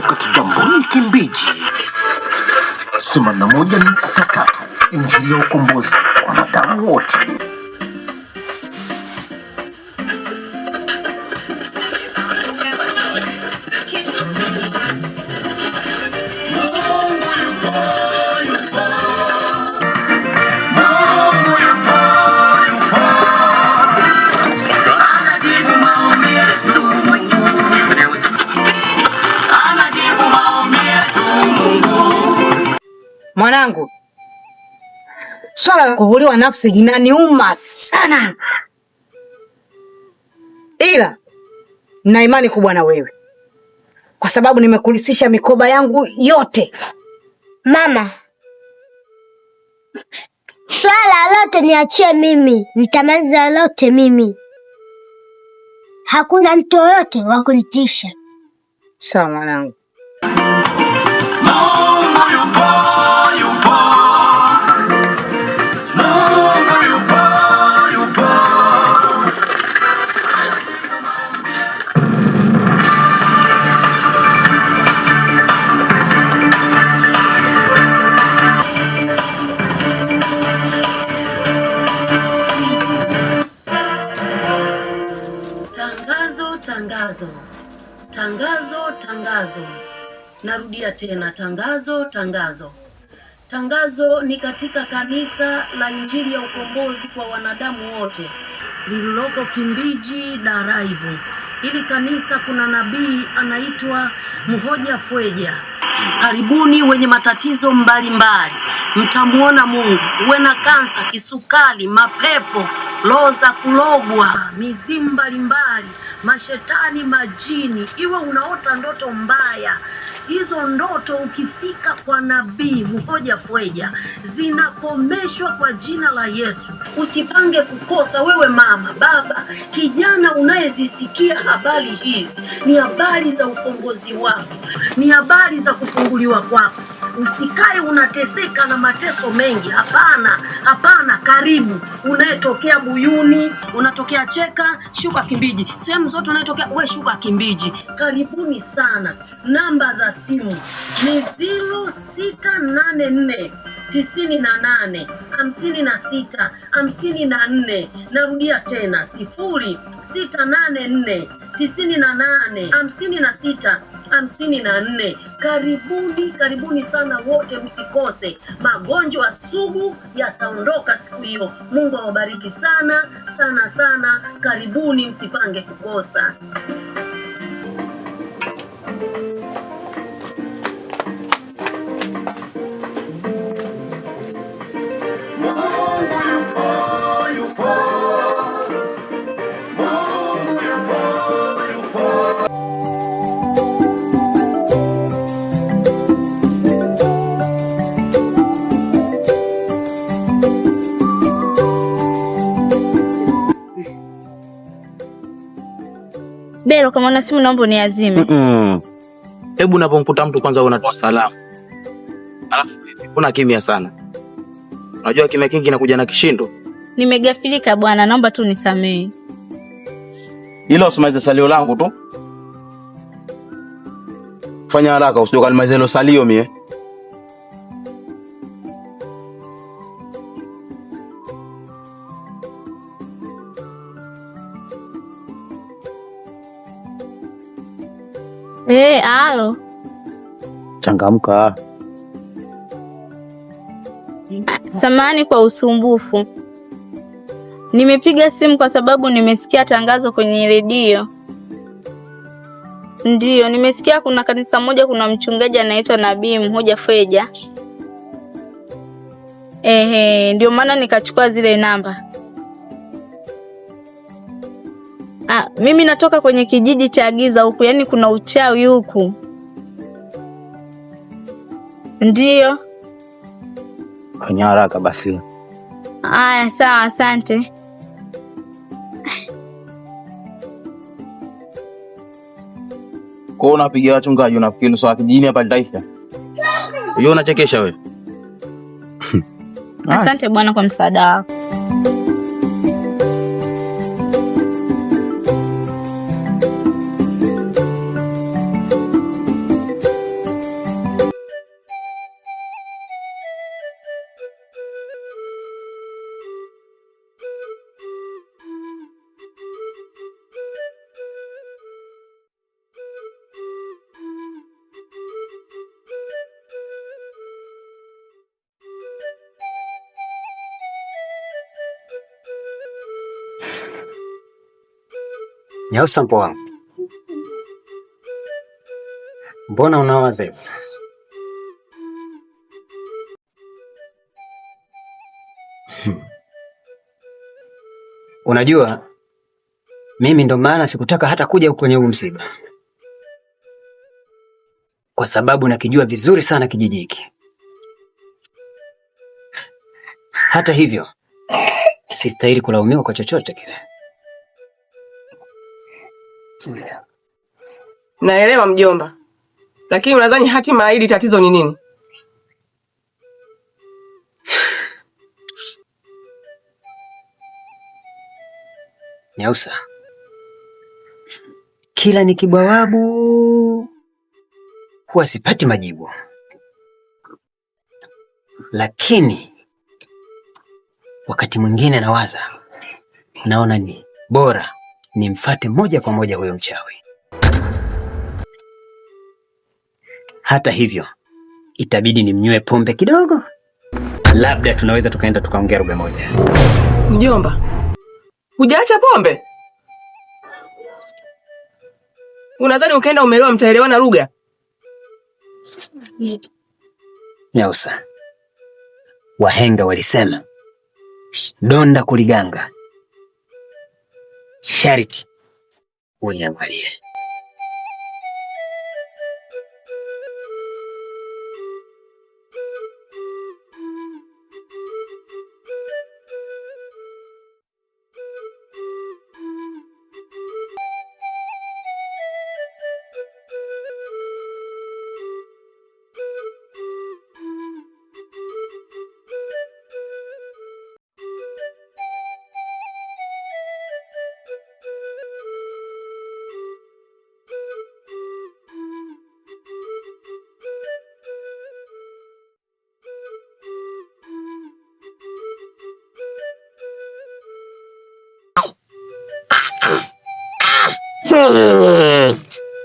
kutoka Kigamboni Kimbiji. themanini na moja nukta tatu Injili ya ukombozi kwa wanadamu wote. yangu, swala la kuvuliwa nafsi linaniuma sana, ila na imani kubwa na wewe kwa sababu nimekulisisha mikoba yangu yote. Mama, swala lote niachie mimi, nitamaliza lote mimi, hakuna mtu yoyote wa kunitisha. Sawa mwanangu. tangazo, tangazo, tangazo. Narudia tena, tangazo, tangazo. Tangazo ni katika kanisa la Injili ya Ukombozi kwa wanadamu wote lililoko Kimbiji Daraivu. Hili kanisa kuna nabii anaitwa Mhoja Fweja. Karibuni wenye matatizo mbalimbali, mtamwona Mungu. Uwe na kansa, kisukari, mapepo, roho za kulogwa, mizimu mbalimbali mashetani, majini, iwe unaota ndoto mbaya hizo ndoto ukifika kwa nabii Mhoja Fweja zinakomeshwa kwa jina la Yesu. Usipange kukosa wewe, mama, baba, kijana unayezisikia habari hizi. Ni habari za ukombozi wako, ni habari za kufunguliwa kwako. Usikae unateseka na mateso mengi. Hapana, hapana. Karibu unayetokea Buyuni, unatokea Cheka, shuka Kimbiji, sehemu zote unayetokea we, shuka Kimbiji. Karibuni sana. Namba za simu ni zilo sita nane nne tisini na nane hamsini na sita hamsini na nne narudia tena sifuri sita nane nne tisini na nane hamsini na sita hamsini na nne. Karibuni, karibuni sana wote, msikose. Magonjwa sugu yataondoka siku hiyo. Mungu awabariki sana sana sana. Karibuni, msipange kukosa. Bero, kama una simu naomba uniazime. Hebu mm -mm. Unapomkuta mtu kwanza unatoa salamu, alafu kuna kimya sana. Unajua kimya kingi inakuja na kishindo. Nimegafilika bwana, naomba tu nisamehe. Ila usimalize salio langu tu, fanya haraka, usije ukalimaliza hilo salio mie Hey, eh, alo, changamka. Samani kwa usumbufu. Nimepiga simu kwa sababu nimesikia tangazo kwenye redio. Ndiyo, nimesikia kuna kanisa moja, kuna mchungaji anaitwa Nabii Mhoja feja Ehe, ndio maana nikachukua zile namba. Ah, mimi natoka kwenye kijiji cha giza huku, yaani kuna uchawi huku. Ndiyo. Kwenye haraka basi. Aya, sawa, asante. Kwa unapiga wachungaji, unafikiri swala kijijini hapa litaisha? Hiyo unachekesha wewe. Asante bwana kwa msaada wako. sampo wangu, mbona unawaza hivyo? Hmm. Unajua mimi ndo maana sikutaka hata kuja kwenye huu msiba, kwa sababu nakijua vizuri sana kijiji hiki. Hata hivyo sistahili kulaumiwa kwa chochote kile. Naelewa mjomba, lakini unadhani hatima hili tatizo ni nini? Nyausa, kila nikibawabu huwa sipati majibu, lakini wakati mwingine nawaza, naona ni bora nimfate moja kwa moja huyo mchawi. Hata hivyo, itabidi nimnywe pombe kidogo, labda tunaweza tukaenda tukaongea lugha moja. Mjomba, hujaacha pombe? Unadhani ukaenda umelewa mtaelewana lugha? Nyausa, wahenga walisema donda kuliganga sharti uniangalie.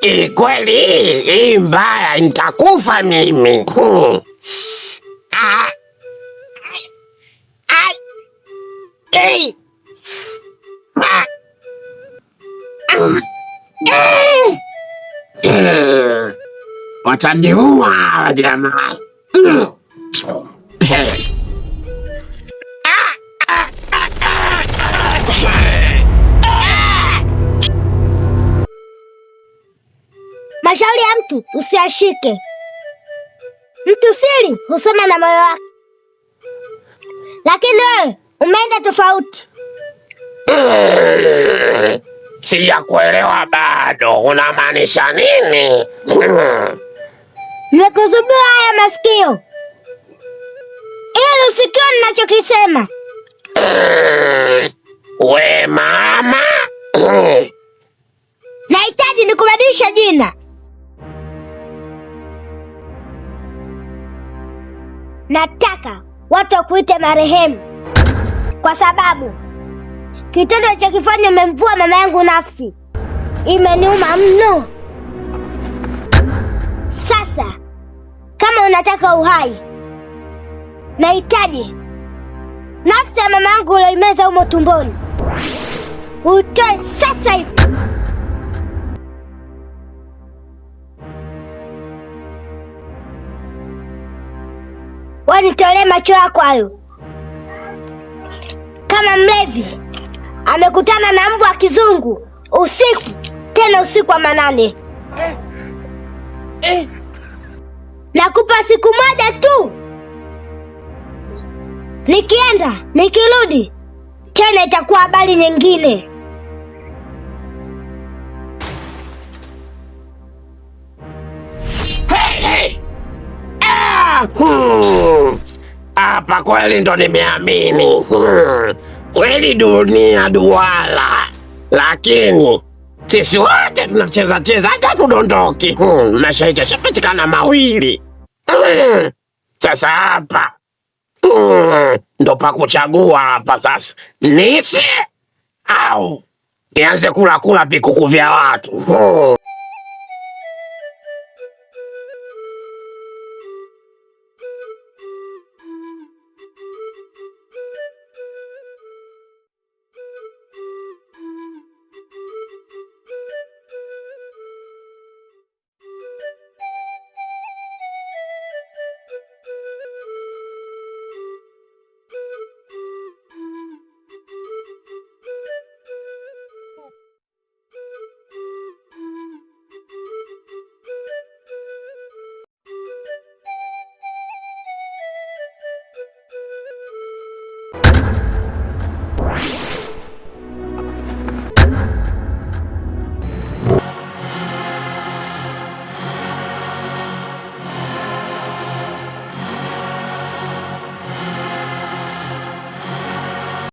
Kikweli hmm. hii mbaya, nitakufa mimi. Hmm. Ah. Ah. Ah. Hmm. Wataniua jamaa. mtu usiashike. Mtu siri husoma na moyo wake, lakini wewe umeenda tofauti. Mm, sijakuelewa bado, unamaanisha nini? Mm, nimekuzubua haya masikio, ili usikie ninachokisema. nataka watu wakuite marehemu, kwa sababu kitendo alichokifanya umemvua mama yangu nafsi. Imeniuma mno. Sasa kama unataka uhai, nahitaji nafsi ya mama yangu ulioimeza humo tumboni, utoe sasa hivi. wanitolee macho yako hayo. Kama mlevi amekutana na mbwa kizungu usiku, tena usiku wa manane, nakupa siku moja tu. Nikienda nikirudi tena, itakuwa habari nyingine. Hey, hey. Ah! kweli ndo nimeamini kweli, dunia duala, lakini sisi wote tunacheza cheza, hata tudondoki. Hmm, mashaita shapatikana mawili. Hmm, sasa hapa hmm, ndo pa kuchagua hapa sasa, nife au nianze kula kula vikuku vya watu. Thank you.